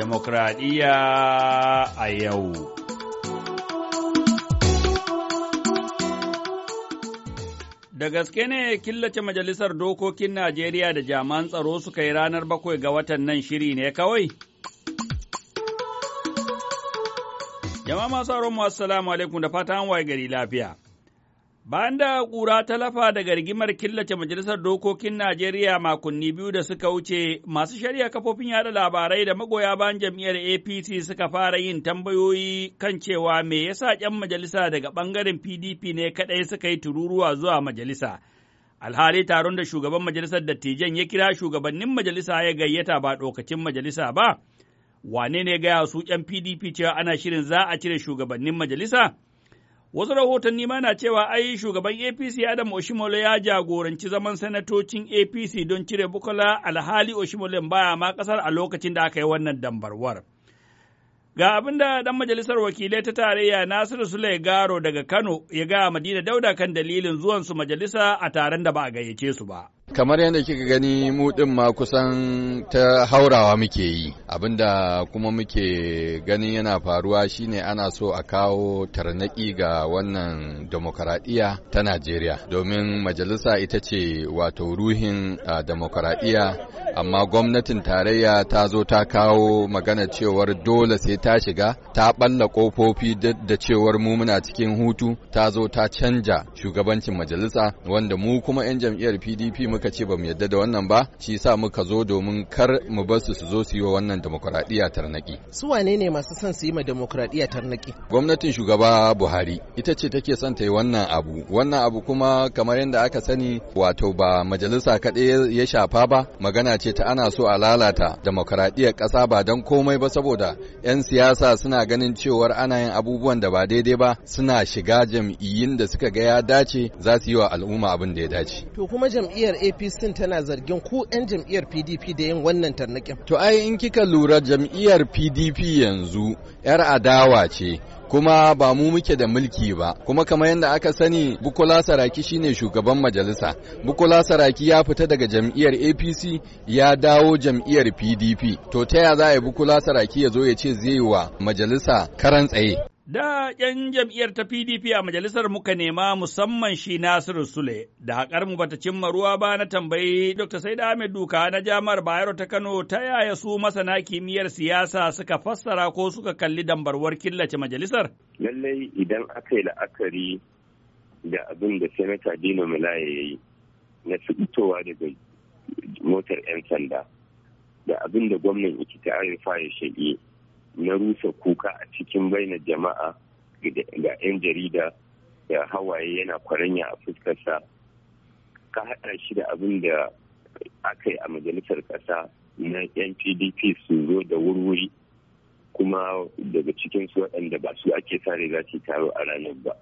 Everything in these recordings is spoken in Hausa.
Demokradiyya a yau. Da gaske ne killace Majalisar Dokokin Najeriya da jaman tsaro suka yi ranar bakwai ga watan nan shiri ne kawai? Jama'a masu aron masu salamu alaikum da fatan an waye gari lafiya. Bayan da ƙura ta lafa daga rigimar killace Majalisar Dokokin Najeriya makonni biyu da suka wuce, masu shari'a kafofin yada labarai da magoya bayan jam'iyyar APC suka fara yin tambayoyi kan cewa me yasa 'yan majalisa daga ɓangaren PDP ne kaɗai suka yi tururuwa zuwa majalisa. Alhali taron da shugaban majalisar dattijan ya kira shugabannin majalisa ya gayyata ba ɗokacin majalisa ba. Wane ne gaya su 'yan PDP cewa ana shirin za a cire shugabannin majalisa? Wasu rahotanni ma na cewa ai shugaban APC Adam Oshimole ya jagoranci zaman sanatocin APC don cire Bukola alhali Oshimole baya ma kasar a lokacin da aka yi wannan dambarwar. Ga abin da ɗan majalisar wakilai ta tarayya Nasiru Sule Garo daga Kano ya ga Madina Dauda kan dalilin zuwansu majalisa a taron da ba a gayyace su ba. kamar yadda kika gani mu din ma kusan ta haurawa muke yi abinda kuma muke gani yana faruwa shine ana so a kawo tarnaki ga wannan demokaradiyya ta Najeriya domin majalisa ita ce wato ruhin ah, demokaradiyya amma gwamnatin tarayya ta zo ta kawo magana cewar dole sai ta shiga ta balla kofofi da cewar mu muna cikin hutu ta zo ta canja shugabancin majalisa wanda mu kuma 'yan jam'iyyar pdp muka ce ba mu yadda da wannan ba shi sa muka zo domin kar mu bar su su zo su yi wa wannan demokuraɗiyya tarnaki su wane ne masu son su yi ma demokuraɗiyya tarnaki gwamnatin shugaba buhari ita ce take son ta yi wannan abu wannan abu kuma kamar yadda aka sani wato ba majalisa kaɗai ya shafa ba magana ce ce ta ana so a lalata demokaradiyyar ƙasa ba don komai ba saboda 'yan siyasa suna ganin cewar ana yin abubuwan da ba daidai ba suna shiga jam'iyyun da suka gaya dace za su yi wa al'umma abin da ya dace. To kuma jam'iyyar APC tana zargin ku 'yan jam'iyyar PDP da yin wannan tarnaƙin. To ai in kika lura jam'iyyar PDP yanzu 'yar adawa ce kuma ba mu muke da mulki ba kuma kamar yadda aka sani Bukola Saraki shine shugaban majalisa Bukola Saraki ya fita daga jam'iyyar APC ya dawo jam'iyyar PDP to ta ya za a yi Bukola Saraki ya zo ya ce zai wa majalisa karan tsaye Da ‘yan jam'iyyar ta PDP a majalisar muka nema musamman shi Nasiru Sule, da haƙar mu bata cimma ruwa ba na tambayi Dr. Saida Ahmed Duka na Jami'ar Bayero ta Kano ta yaya su masana kimiyyar siyasa suka fassara ko suka kalli dambarwar killace majalisar? Lallai idan aka yi la'akari da abin da Senator Dino Malaya ya yi na fitowa daga motar 'yan sanda da abin da gwamnan Ikita Arifa ya shige na rusa kuka a cikin baina jama'a ga 'yan jarida da hawaye yana kwaranya a fuskarsa ka haɗa shi da abin da aka yi a majalisar ƙasa na 'yan pdp su zo da wurwuri kuma daga cikinsu waɗanda ba su ake sare za su taro a ranar ba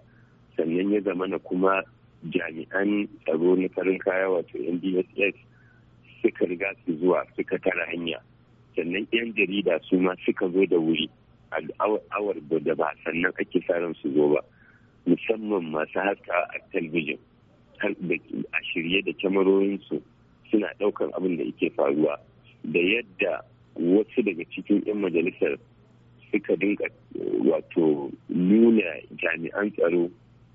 sannan ya zama na kuma jami'an tsaro na farin kaya wato ndss suka riga su zuwa suka tara hanya sannan 'yan jarida su ma suka zo da wuri a awar da ba sannan ake sa ran su zo ba musamman masu haska a talbijin a shirye da kyamarorinsu suna ɗaukar abin da yake faruwa da yadda wasu daga cikin 'yan majalisar suka dinga wato nuna jami'an tsaro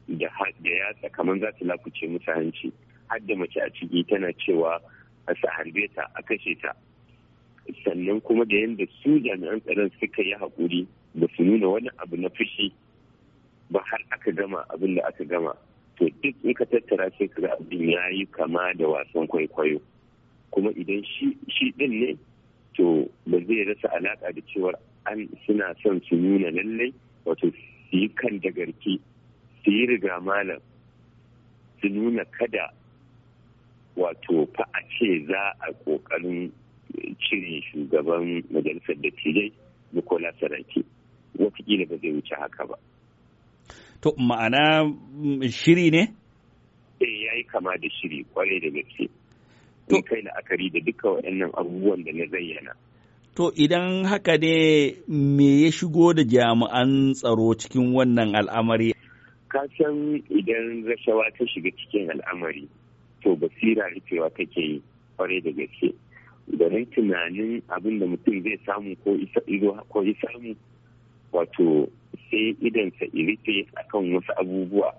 da yatsa kamar za su lakuce musu hanci har da mace a ciki tana cewa a harbe ta a kashe ta sannan kuma da yadda su jami'an tsaron suka yi haƙuri ba su nuna wani abu na fushi ba har aka gama abin da aka gama to duk in ka tattara sai ka ga abin ya yi kama da wasan kwaikwayo kuma idan shi din ne to ba zai rasa alaƙa da cewar an suna son su nuna lallai wato su yi kan dagarki su yi riga malam su nuna kada wato fa a ce za a ƙoƙarin cire shugaban majalisar da dattijai Nicola Saraki watakila ba zai wuce haka ba. To ma'ana mm, shiri ne? Eh ya yi kama da shiri kwarai da gaske. To kai la'akari da duka waɗannan abubuwan da na zayyana. To idan haka ne me ya shigo da jami'an tsaro cikin wannan al'amari? kasan idan rashawa ta shiga cikin al'amari, to basira rufewa take yi kwarai da gaske. da rai tunanin abin da mutum zai samu ko isa samu wato sai idansa irife akan wasu abubuwa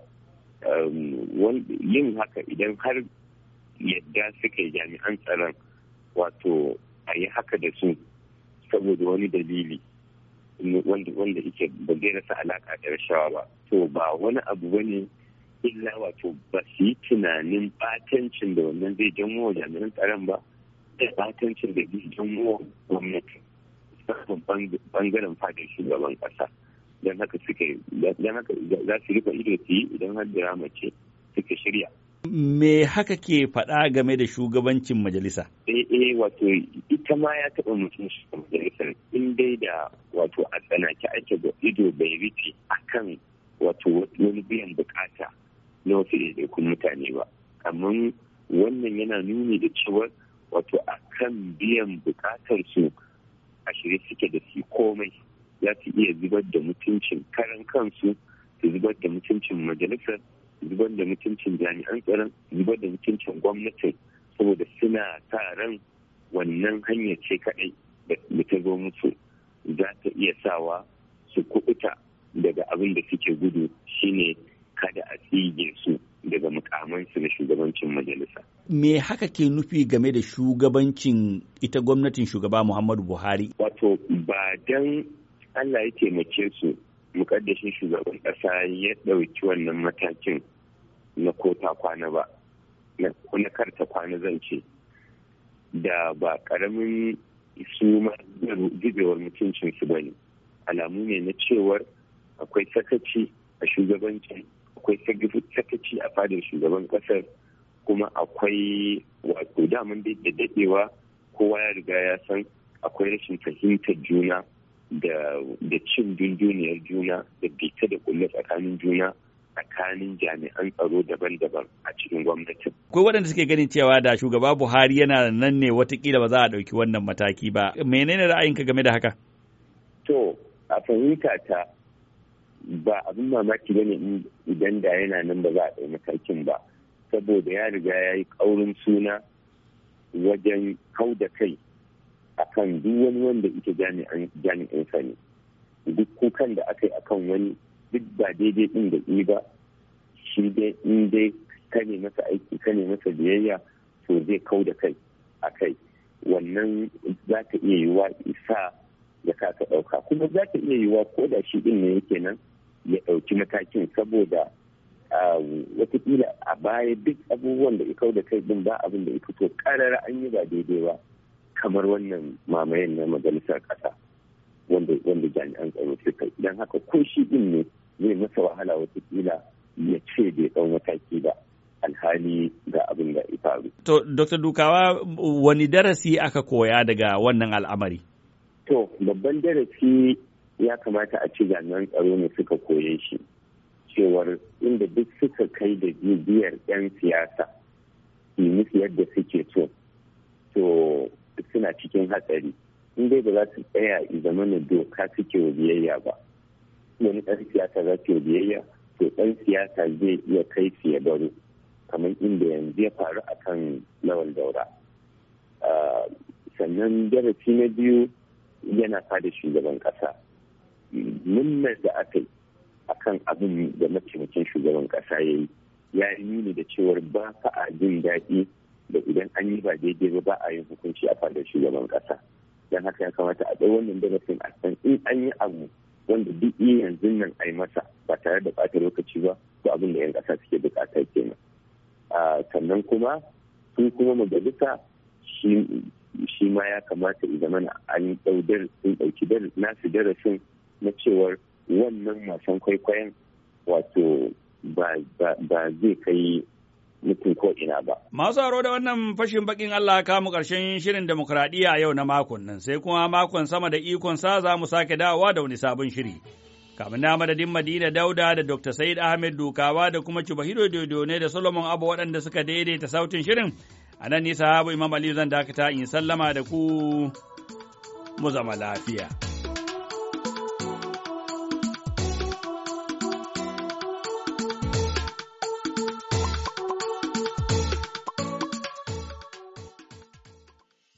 um, yin haka idan har yadda suka yi jami'an tsaron wato a yi haka da su saboda wani dalili wanda ike ba zai rasa alaka da rashawa ba to ba wani abu bane illa wato ba su yi tunanin batancin da wannan zai janwo jami'an tsaron ba da batancin da bidiyon gwamnati sakamakon bangaren fadin shugaban kasa don haka suke za su rufe ido su yi idan har da mace suke shirya. Me haka ke faɗa game da shugabancin majalisa? Eh eh wato ita ma ya taɓa mutum shugaban majalisar in dai da wato a tsanaki ake da ido bai rufe kan wato wani biyan bukata na wasu ɗaiɗaikun mutane ba. Amma wannan yana nuni da cewa wato a kan biyan bukatar su a shirye suke da su komai za su iya zubar da mutuncin karan kansu su zubar da mutuncin majalisar zubar da mutuncin jami'an tsaron zubar da mutuncin gwamnati saboda suna sa ran wannan hanyar ce kaɗai da ta zo musu za ta iya sawa su kuɓuta daga abin da suke gudu shine kada a tsige su daga mukamansu na shugabancin majalisa. Me haka ke nufi game da shugabancin ita gwamnatin shugaba Muhammadu Buhari? Wato ba dan Allah ya taimake su mukaddashin shugaban ƙasa ya ɗauki wannan matakin na kota kwana ba, na karta kwana zan ce, da ba ƙaramin su ma gibewar mutuncinsu ba ne. Alamu ne na cewar akwai sakaci a shugabancin akwai sakaci a fadin shugaban kasar kuma akwai wato daman da daɗewa kowa ya riga ya san akwai rashin fahimtar juna da cin dunduniyar juna da bita da kulle tsakanin juna tsakanin jami'an tsaro daban-daban a cikin gwamnati Akwai waɗanda suke ganin cewa da shugaba Buhari yana nan ne watakila ba za a ɗauki wannan mataki ba. Menene ra'ayinka game da haka? To, a fahimta ta ba abin mamaki ba ne idan da yana nan ba za a ɗau matakin ba saboda ya riga ya yi ƙaurin suna wajen kau da kai akan duk wani wanda ita jami'an sani duk kukan da aka yi a kan wani duk ba daidai ɗin da ɗi ba shi dai in dai ka ne masa aiki ka ne masa biyayya to zai kau da kai a kai wannan za ta iya yiwuwa isa kuma za ta iya yiwuwa ko da shi din ne yake nan ya ɗauki matakin saboda watakila a baya duk abubuwan da ikau da kai din ba abin da ita fito karara an yi ba daidai ba kamar wannan mamayen na majalisar ƙasa wanda jami'an tsaro suka idan haka ko shi din ne zai masa wahala watakila ya ce bai ɗau mataki ba alhali ga abin da ya faru. To, Dr. Dukawa, wani darasi aka koya daga wannan al'amari? babban darasi ya kamata a ci jami'an tsaro ne suka koye shi cewar inda duk suka kai da bibiyar 'yan siyasa yi musu yadda suke so to suna cikin hatsari in dai ba za su tsaya zamana doka suke wa biyayya ba wani ɗan siyasa za su biyayya to ɗan siyasa zai iya kai su ya baro kamar inda yanzu ya faru a kan lawal daura ah, sannan darasi na biyu yana fada shugaban kasa nunnar da aka yi akan abin da mataimakin shugaban kasa ya yi ya yi nuni da cewar ba ka a jin daɗi da idan an yi ba daidai ba ba a yin hukunci a fadar shugaban kasa don haka ya kamata a ɗau wannan darasin a san in an yi abu wanda duk iya yanzu nan a yi masa ba tare da ɓata lokaci ba to abin da 'yan ƙasa suke buƙatar kenan ah, sannan kuma sun kuma majalisa shi shi ma ya kamata idan mana an ɗauki nasu darasin na cewar wannan wasan kwaikwayon wato ba zai kai mutum ko ina ba. Masu aro da wannan fashin bakin Allah kamu karshen shirin demokuraɗiyya yau na makon nan sai kuma makon sama da ikon sa za mu sake dawowa da wani sabon shiri. Kamin na madadin Madina Dauda da Dr. Said Ahmed Dukawa da kuma Cibahiro Dodo ne da Solomon Abu waɗanda suka daidaita sautin shirin A nan nisa Imam Aliyu zan dakata in sallama da ku mu zama lafiya.